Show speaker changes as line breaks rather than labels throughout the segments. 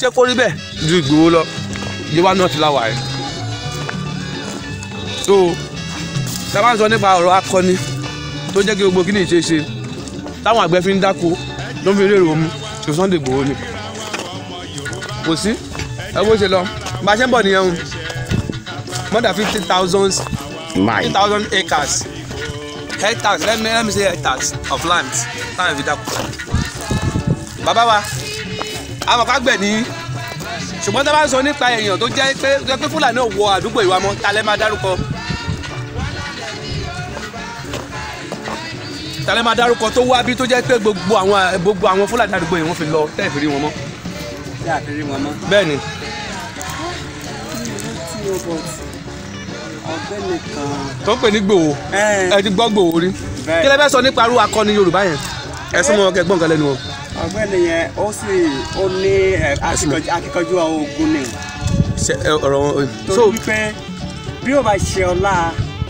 jẹ́ kó rí bẹ́ẹ̀ ju Ìgbòho lọ Yewa náà ti láwàá ẹ̀ so ta bá ń sọ nípa ọ̀rọ̀ akọni tó jẹ́ kí gbogbo kí ni ìṣe ṣe táwọn àgbẹ̀ fi ń dáko ló fi rèrò mu kò Sunday Igboho ni kò sí ẹ bó ṣe lọ bá a ṣe ń bọ̀ nìyẹn more than fifty thousand fifty thousand acres hectares let me let me say hectares of land táwọn fi dáko bàbá wa àwọn kan gbẹ̀ ní ṣùgbọ́n tá a bá ń sọ nípa èèyàn tó jẹ́ pé jẹ́ pé fúlàní ò wọ àdúgbò ìwà mọ́ ta lẹ́ máa dárúkọ ta lẹ́ máa dárúkọ tó wá bí tó jẹ́ pé gbogbo àwọn gbogbo àwọn fúlàní àdúgbò yìí wọ́n fi lọ tẹ́ẹ̀ fi rí wọn mọ́. tẹ́ẹ̀ fi rí wọn mọ́. bẹ́ẹ̀ ni. tó ń pè ní gbòò ẹ ti gbọ́ gbòò rí kí lẹ́ fẹ́ sọ nípa arú akọni Yorùbá yẹn ẹ súnmọ́ kẹgbọ́n kan lẹ́nu wọn ọ̀gbẹ́ni yẹn ó sì ó ní akíkanjú ogun ni. ọ̀rọ̀ wọn. torí wípé bí o bá ṣe ọlá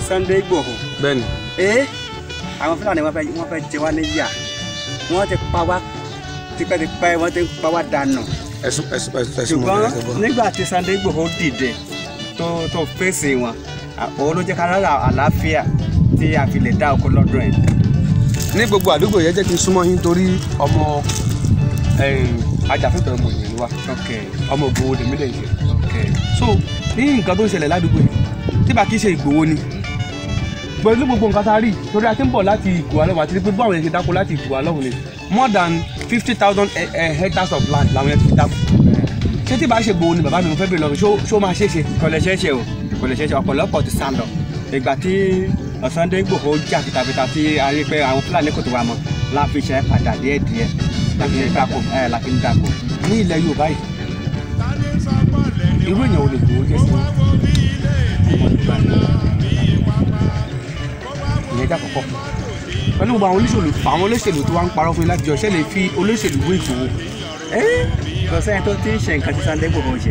Sunday Igboho. bẹ́ẹ̀ni. ee àwọn Fúlàní wọn fẹ́ jẹ wá níyà wọn ti pa wá tipẹ́tipẹ́ wọn ti pa wá dànù. ẹ̀sùn ẹ̀sùn ẹ̀sùn mọ̀ ní ẹ̀sùn mọ̀. nígbà tí Sunday Igboho dìde tó tó fèsì wọn òun ló àlàáfíà tí a fi lè dá oko lọ́dún yìí ní gbogbo àdúgbò yẹn jẹ́ kí n súnmọ́ yín torí ọmọ ajàfẹ́tọ̀ ọmọ ènìyàn ni wá ọmọ ògbówó lèmi lè yẹ so ní nǹkan tó ń ṣẹlẹ̀ ládùúgbò yìí tí bá kí ṣe ìgbòho ni pẹ̀lú gbogbo nǹkan tá a rí torí a ti ń bọ̀ láti ìkó alọ́hùn àti pé báwọn yẹn ti dáko láti ìkó alọ́hùn ni more than fifty thousand eh, eh, hectares of land làwọn yẹn ti dáko ṣé tí bá ṣe ìgbòho ni bàbá mi mo fẹ́ bèrè lọ́rùn ṣó máa ṣe é ṣe. kò lè ṣe é ṣe o kò ọ̀pọ̀lọpọ̀ ti sá lọ ìgbà tí Sunday Igboho jà fitafita tí a rí pé àwọn Fúlàní kò tó wa mọ́ láfi ṣe padà díẹ̀díẹ̀ láfi ń dàpọ̀ ẹ̀ láfi ń dàpọ̀ ní ilẹ̀ Yorùbá yìí irú èèyàn ò lè gbòó yẹ sí ọmọ Yorùbá ìyẹn jà kọ̀kọ́ pẹ̀lú gbogbo àwọn olóṣèlú àwọn olóṣèlú tó wá ń parọ́ fún yín láti jọ ṣẹ́ lè fi olóṣèlú wé ìṣòwò lọ́sẹ̀ tó ti ń ṣe nǹkan tí Sunday Igboho ṣe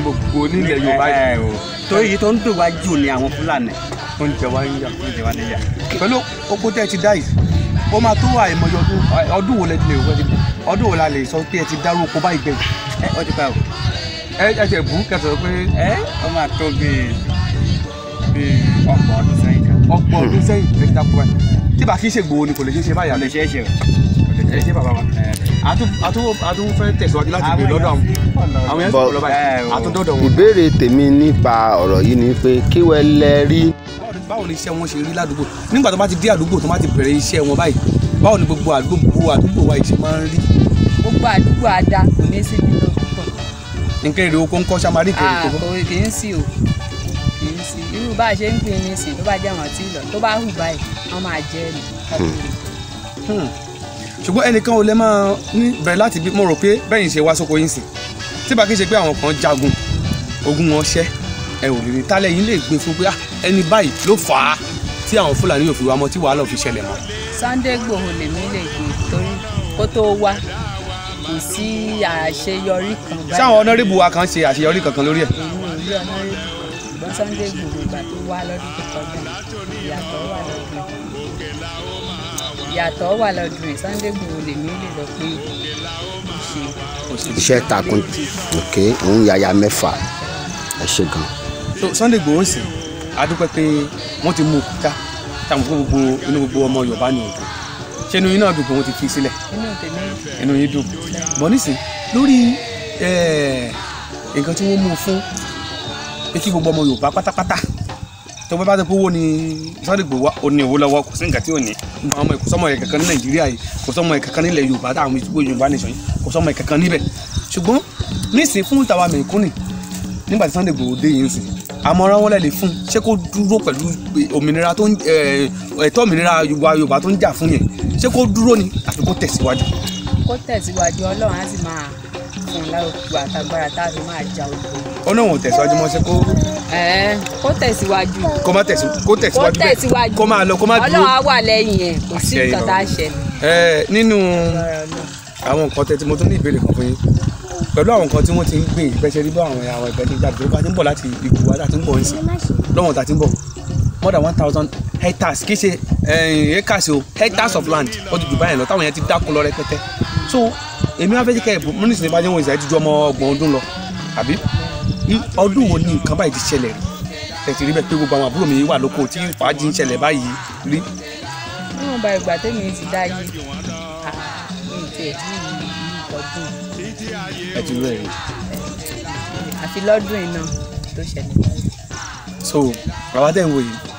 gbogbo nílẹ̀ Yorùbá yìí torí èyí tó ń dùn wá ni àwọn Fúlàní ó ń jẹ wá níyà ó ń jẹ wá níyà pẹ̀lú oko tẹ́ ẹ ti dá yìí ó máa tó àìmọye ọdún ọdún wo lẹ ti lè wọ ẹni ọdún wo la lè sọ pé ẹ ti dárú oko báyìí gbẹ̀yìn. ẹ ọ ti pa o. ẹ ẹ ti bù kẹsàn án pé. ẹ ọ máa tó bíi bíi ọgbọ̀n ọdún sẹ́yìn kan. ọgbọ̀n ọdún sẹ́yìn lè ti dáko báyìí tí bàá kí ṣe gbòó ni kò lè ṣe ṣe báyà. kò lè ṣe é ṣe o ẹsẹ bàbá wa àtún fẹ́ tẹ̀síwájú láti bèrè lọ́dọ̀ àwọn àwọn yẹn sọ̀rọ̀ lọ́ba yẹn àtún dọ̀dọ̀ wọn. ìbéèrè tèmi nípa ọ̀rọ̀ yìí ni pé kí wẹ́ẹ́ lẹ rí báwo ni iṣẹ́ wọn ṣe rí ládùúgbò nígbà tó bá ti dé àdúgbò tó bá ti bẹ̀rẹ̀ iṣẹ́ wọn báyìí báwo ni gbogbo àdúgbò àdúgbò wa ìṣe máa ń rí. gbogbo àdúgbò ada kò ní sí nínú púpọ̀. nǹkan èrè oko ń kọ́ sàmárì kèrè oko. kì í sí o kì í sí irú bá a ṣe ń pè ní ìsìn tó bá jẹ́ àwọn tí ì lọ tó bá hù báyìí wọ́n máa jẹ́ ẹ̀mí hmm. ṣùgbọ́n ẹnìkan ò lè máa ní bẹ̀rẹ̀ láti bí mo rò pé bẹ́yìn ṣe wá sóko yín sìn tí bá kí ṣe pé àwọn kan jagun ogun wọn ṣẹ́ ẹ ò lè rí tálẹ̀ yín lè gbé fún pé ah, ẹni báyìí ló fà á tí àwọn fúlàní yóò fi wá mọ tí wàhálà fi ṣẹlẹ̀ mọ́. Sunday Igboho lèmi lè gbé torí kó tó wá kò sí àṣeyọrí kan báyìí. sáwọn ọ̀nàrẹ́bù wa kan ṣe àṣeyọrí kankan lórí ẹ̀. èmi ò rí ọ̀nàrẹ́bù wà lọ́dún yìí Sunday Igboho lèmi lè lọ pé iṣẹ́ takun òkè òun yàyà mẹ́fà ẹ ṣe gan-an so Sunday Igboho sì adúpẹ́ pé wọ́n ti mú òkúta táwọn fún gbogbo inú gbogbo ọmọ Yorùbá ní òkú ṣé inú yín náà dùn pé wọ́n ti fi sílẹ̀ inú yín dùn bọ́ nísìn lórí nǹkan tí wọ́n mú fún pé kí gbogbo ọmọ Yorùbá pátápátá tó bá bá ti kówó ni Sunday Igboho ó ní owó lọ́wọ́ kò sí nǹkan tí ò ní gbọ́n ọmọ kò sọ́mọ ìkankan ní Nàìjíríà yìí kò sọ́mọ ìkankan nílẹ̀ Yorùbá táwọn ìdúgbò Yorùbá nìṣọ́ yìí kò sọ́mọ ìkankan níbẹ̀ ṣùgbọ́n nísìn fún tàwa mẹ̀kúnnì nígbà tí Sunday Igboho dé yìí ń àmọ̀ràn wọlé lè fún ṣé kó dúró pẹ̀lú òmìnira tó ń ẹ̀tọ́ òmìnira yorùbá yorùbá tó ń jà fún yẹn ṣé kó dúró ni àfi kó tẹ̀síwájú. kó tẹ̀síwájú ọlọ́run á sì máa fún un lárúkú àtàgbára tá a fi máa ja òkú. ó náà wọn tẹ̀síwájú mọ́ ṣe kó. ẹ̀ẹ́ kó tẹ̀síwájú. kó má tẹ̀síwájú kó tẹ̀síwájú bẹ́ẹ̀ kó máa lọ kó má dúró. ọlọ́run á wà lẹ́yìn yẹn kò sí nǹkan tá a ṣẹlẹ̀. ẹ nínú àwọn nǹkan tẹ tí mo tún ní ìbéèrè kan fún pẹ̀lú àwọn nǹkan tí wọ́n ti ń gbìn ìgbẹ́sẹ̀ rí bá àwọn àwọn ìgbẹ́ ti jáde tó bá ti ń bọ̀ láti ìkú wa láti ń bọ̀ nsìn lọ́wọ́n tá ti ń bọ̀ more than one thousand hectares kì í ṣe eh, acres o hectares of land ó ti dùbà yẹn lọ táwọn yẹn ti dákú lọ rẹpẹtẹ so èmi wá fẹ́ kẹ́ ẹ̀bùn mú nísìnyí bá jẹ́ wọn ìsàlẹ̀ ti ju ọmọ ọgbọ̀n ọdún lọ àbí ọdún wo ni nǹkan báyìí ti ṣẹlẹ̀ rí tẹ̀sí rí bẹ́ẹ̀ pé gbogbo àwọn àbúrò mi wà lóko tí fàájì ń ṣẹlẹ̀ báyìí rí. níwọ̀nba ìgbà tẹ́mi ti dá yìí lọ́dún ẹ̀jú rẹ̀ àfi lọ́dún iná tó ṣẹlẹ̀. so bàbá tẹ̀ ń wò yìí